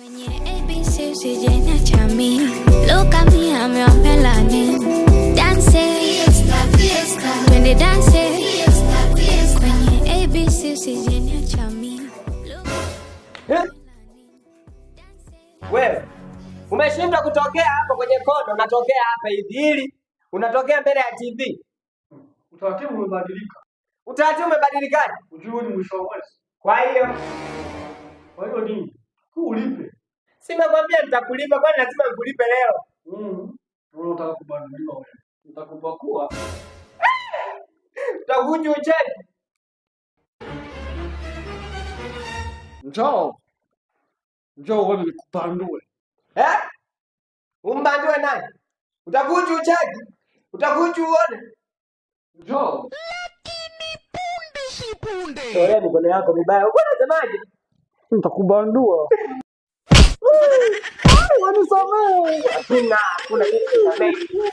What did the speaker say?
umeshindwa kutokea hapo kwenye kodo, unatokea hapa hivi unatokea mbele ya TV. Utaratibu umebadilika. Utaratibu umebadilikaje? Ujue ni mwisho wa mwezi. Kwa hiyo kwa hiyo nini? tu ulipe. Simekwambia nitakulipa, kwani lazima nikulipe leo? Mm. Unataka kubanuliwa wewe. Nitakupakua. Utakuja ucheki. Njoo. Njoo wewe nikupandue. Eh? Umbandue nani? Utakuja ucheki. Utakuja uone. Njoo. Lakini punde si punde. Tolea mikono yako mibaya. Uko nasemaje? nitakubandua. Wanisamehe, hakuna kitu